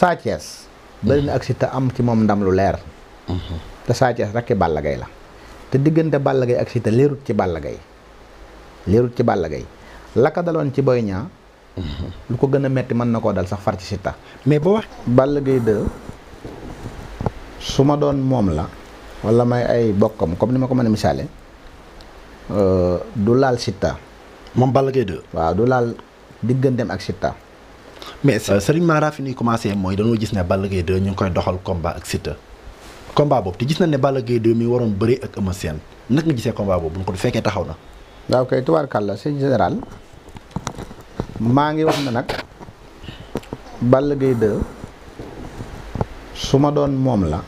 Sa Thiès bëri ak Siteu am ci moom ndam lu leer te Sa Thiès rakki Balla la te diggante Balla Gaye ak Siteu leerut ci Balla Gaye ci Balla Gaye la ko daloon ci Boy Niang lu ko gën a metti mën na koo dal sax far ci Siteu mais ba wax Balla Gaye 2 su ma doon moom la walla may ay bokkam comme ni ma ko mën a misaale euh, du laal sita moom Balla Gaye 2 waaw du laal digganteem ak Siteu mais euh, Serigne Mara fi ñuy commencé mooy dañoo gis ne Balla Gaye 2 ñu ngi koy doxal combat ak Siteu combat boobu te gis nañ ne Balla Gaye 2 mi waroon bëri ak Eumeu seen naka nga gisee combat boobu bu ko fekkee taxaw na. waaw kay tubaarkàlla sëñ général maa ngi wax na nag Balla Gaye 2 su ma doon moom la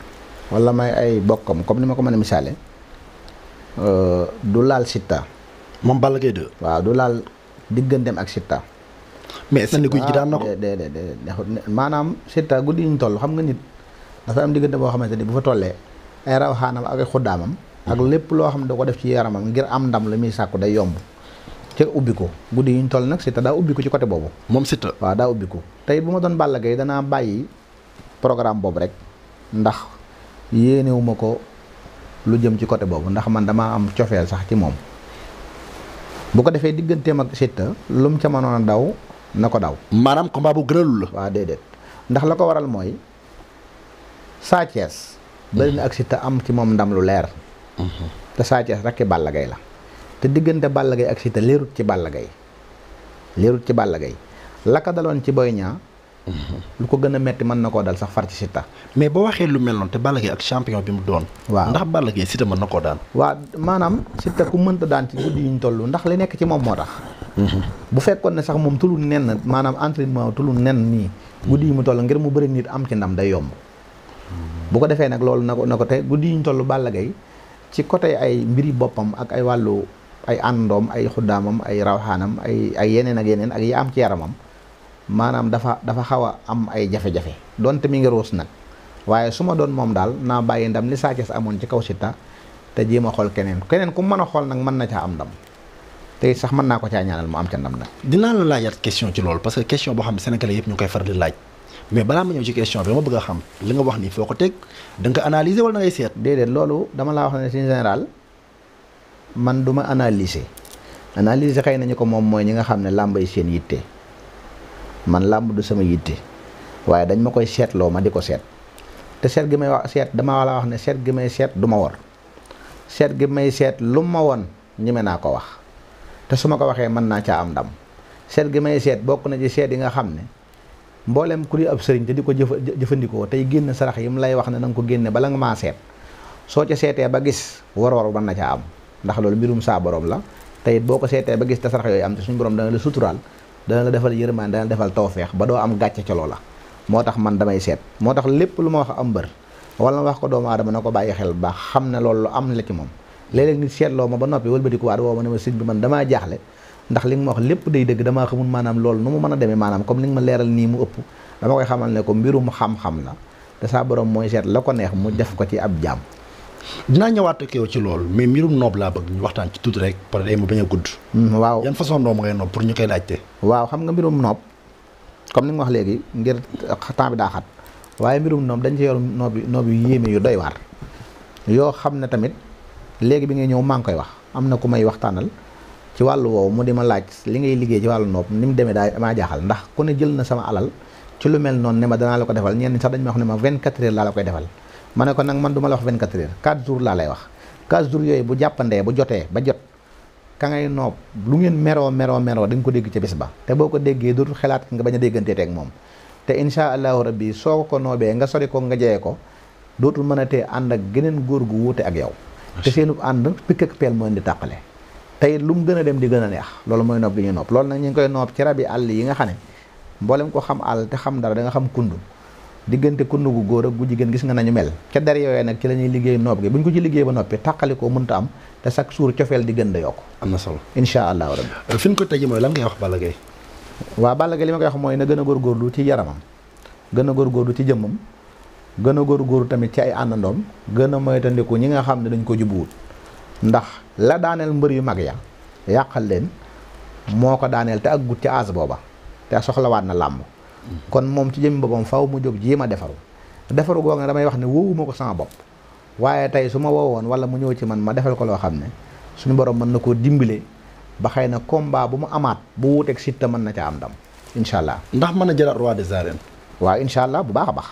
wala may ay bokkam comme ni ma ko mën a misaale euh, du laal Siteu. moom Balla Gaye 2. waaw du laal digganteem ak Siteu. mais seen guy gi ah, daan maanaam Siteu guddi yi ñu toll xam nga nit dafa am diggante boo xamante ni bu fa tollee ay raw xaanam ak ay xuddaamam ak hmm. lépp loo xam ne da ko def ci yaramam ngir am ndam la muy sàkku day yomb te ubbi ko guddi yi toll nag Siteu daa ubbi ko ci côté boobu moom Siteu waa daa ubbi ko tey bu ma doon Balla Gaye danaa bàyyi programme boobu rek ndax yéenewuma ko lu jëm ci côté boobu ndax man damaa am cofeel sax ci moom bu ko defee digganteem ak Siteu lu ca mënoon a daw na ko daw. maanaam combat bu gënalul la. waaw déedéet ndax la ko waral mooy Sa Thiès. bëri na mhm. ak Siteu am ci moom ndam lu leer. Mhm. te Sa Thiès rakki Balla Gaye la. te diggante Balla Gaye ak Siteu leerut ci Balla Gaye leerut ci Balla Gaye la ko daloon ci Boy Niang. Mhm. lu ko gën a metti mën na koo dal sax far ci Siteu. mais boo waxee lu mel noonu te Balla Gaye ak champion bi mu doon. waaw ndax Balla Gaye Siteu mën na koo daan. waaw maanaam Siteu ku mënta daan ci guddi yu ñu toll ndax li nekk ci moom moo tax. bu fekkoon ne sax moom tulu nen maanaam entraînement tulu nen nii guddi yi mu toll ngir mu bëri nit am ci ndam day yomb bu ko defee nag loolu nag ko ko te guddi yi ñu toll Balla Gaye ci côté ay mbiri boppam ak ay wàllu ay àndoom ay xuddaamam ay rawxaanam ay ay yeneen ak yeneen ak yi am ci yaramam maanaam dafa dafa xaw a am ay jafe-jafe donte mi ngi ruus nag waaye su ma doon moom daal naa bàyyi ndam li Sa amoon ci kaw si Siteu te jéem a xool keneen keneen ku mën a xool nag mën na caa am ndam te sax mën naa ko caa ñaanal mu am ca ndam nag. dinaa la laajaat question ci loolu parce que question boo xam ne sénégalais yëpp ñu koy faral laaj mais balaa ma ñëw ci question bi ma bëgg a xam li nga wax nii foo ko teg da nga ko analyser wala ngay seet. déedéet loolu dama laa wax ne ci du ma analyser analyser xëy nañu ko moom mooy ñi nga xam ne làmb yi seen yitte man làmb du sama yitte waaye dañ ma koy seetloo ma di ko seet te seet gi may wax seet dama la wax ne seet gi may seet du ma war seet gi may seet lu ma won ñeme naa ko wax. te su ma ko waxee mën naa caa am ndam seet gi may seet bokk na ci seet yi nga xam ne mboolem ku di ab sëriñ te di ko jëf jëfandikoo tey génn sarax yi mu lay wax ne na nga ko génne bala nga maa seet soo ca seetee ba gis war-war na caa am ndax loolu mbirum saa borom la tey boo ko seetee ba gis te sarax yooyu am te suñu borom dana la suturaal dana la defal yërmaan dana la defal tawfeex ba doo am gàcce ca la moo tax man damay seet moo tax lépp lu ma wax am mbër wala ma wax ko doomu aadama na ko bàyyi xel ba xam ne loolu am la ci moom léeg-léeg nit seetloo ma ba noppi wëlbatiku waat woo ma ne ma sëñ bi man damaa jaaxle ndax li ma wax lépp day dëgg damaa xamul maanaam loolu nu mu mën a demee maanaam comme li nga ma leeral koy xamal ne ko mbirum xam-xam la saa borom mooy seet la ko neex mu def ko ci ab jaam dinaa ñëwaat ak yow ci loolu mais mbirum noob laa bëgg waxtaan ci tuuti rek pare day mu a gudd mm, waaw yan façon noob ngay pour ñu koy laajte waaw xam nga mbirum noob comme ni nga wax léegi ngir temps bi daa xat waaye mbirum noob dañ ci yor noob noob yu yéeme yu doy waar yoo xam ne tamit léegi bi ngay ñëw maa ngi koy wax am na ku may waxtaanal ci wàllu woowu mu di ma laaj li ngay liggéey ci wàllu nopp ni mu demee daa maa jaaxal ndax ku ne jël na sama alal ci lu mel noonu ne ma danaa la ko defal ñenn sax dañ ma wax ne ma 24 heures laa la koy defal ma ne ko nag man du ma la wax 24 heures 4 jours laa lay wax 4 jours yooyu bu jàppandee bu jotee ba jot ka ngay noob lu ngeen meroo meroo meroo dañ ko dégg ca bis ba te boo ko déggee dootul xalaat nga bañ a déggantee teeg moom te incha allahu rabbi soo ko noobee nga sori ko nga jeyee ko dootul mën a tee ànd ak geneen góor gu wuute ak yow te seenub ànd pikk ak peel moo indi tàqale tey lu mu gën a dem di gën a neex loolu mooy nopp gi ñuy nopp loolu nag ñu ngi koy nopp ci rab yi àll yi nga xam ne mboolem ko xam àll te xam dara da nga xam kundu diggante kundu gu góor ak gu jigéen gis nga nañu mel ca der yooyee nag ci la ñuy liggéey nopp gi bu ñu ko ci liggéey ba noppi tàqali ko mënta am te chaque jour cofeel di gën da yokk am na solo incha allah rabbi euh, fi ñu mooy lan ngay wax Balla Gaye waaw Balla Gaye li ma koy wax mooy na gën a góorgóorlu ci yaramam gën a góorgóorlu ci jëmmam gën a góorgóorlu tamit ci ay àndandoom gën a moytandiku ñi nga xam ne dañ ko jubuwut ndax la daaneel mbër yu mag ya yàqal leen moo ko daaneel te ak gut ci aas booba te soxlawaat na làmb kon moom ci jëm boppam faw mu jóg jii ma defaru defaru googu ne damay wax ne wóowuma ko sama bopp waaye tey su ma woon wala mu ñëw ci man ma defal ko loo xam ne suñu borom mën na koo dimbale ba xëy na combat bu mu amaat bu wuuteeg Siteu mën na ca am ndam incha allah. ndax mën a jëlaat roi des arènes. incha allah bu baax a baax.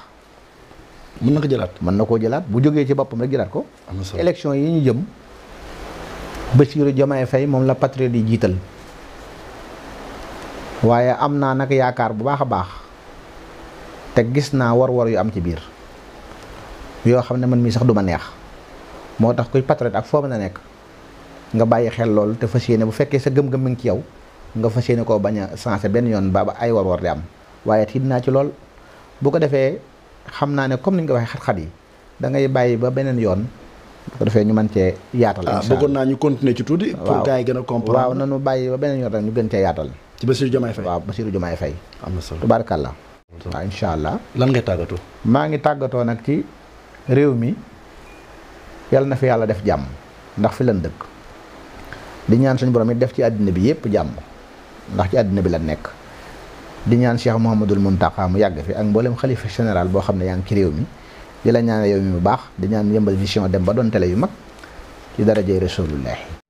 mën na ko jëlaat mën na koo jëlaat bu jógee ci boppam rek jëlaat ko. élection yi ñu jëm Bassirou Diomaye Faye moom la patriote yi jiital waaye am naa nag yaakaar bu baax a baax te gis naa war-war yu am ci biir yoo xam ne man mii sax duma neex moo tax kuy patriote ak foo mën a nekk nga bàyyi xel loolu te fas yéene bu fekkee sa gëm-gëm mi ngi ci yow nga fas yéene ko bañ a sensé benn yoon ba ay war-war di am waaye tiit naa ci lool bu ko defee. xam naa ne comme ni nga ko waxee xat-xat yi dangay bàyyi ba beneen yoon bu ko defee ñu man cee yaatal. Ah, incha allah bëggoon naa ñu continuer ci tuuti. pour gars gën a comprendre waaw nanu bàyyi ba beneen yoon rek ñu gën cee yaatal. ci Bassirou Diomaye Faye waaw Bassirou Diomaye Faye. am na solo tubaarkàlla. waaw incha allah. lan ngay tàggatoo. maa ngi tàggatoo nag ci réew mi yàlla na fi yàlla def jàmm ndax fi lan dëkk di ñaan suñu borom yi def ci àddina bi yépp jàmm ndax ci àddina bi la nekk di ñaan Cheikh Mouhamadul Mountakha mu yàgg fi ak mboolem xalifa général boo xam ne yaa ngi ci réew mi di la ñaan yow mi bu baax di ñaan yëmbal vision dem ba doon télé yu mag ci darajay rasulullahi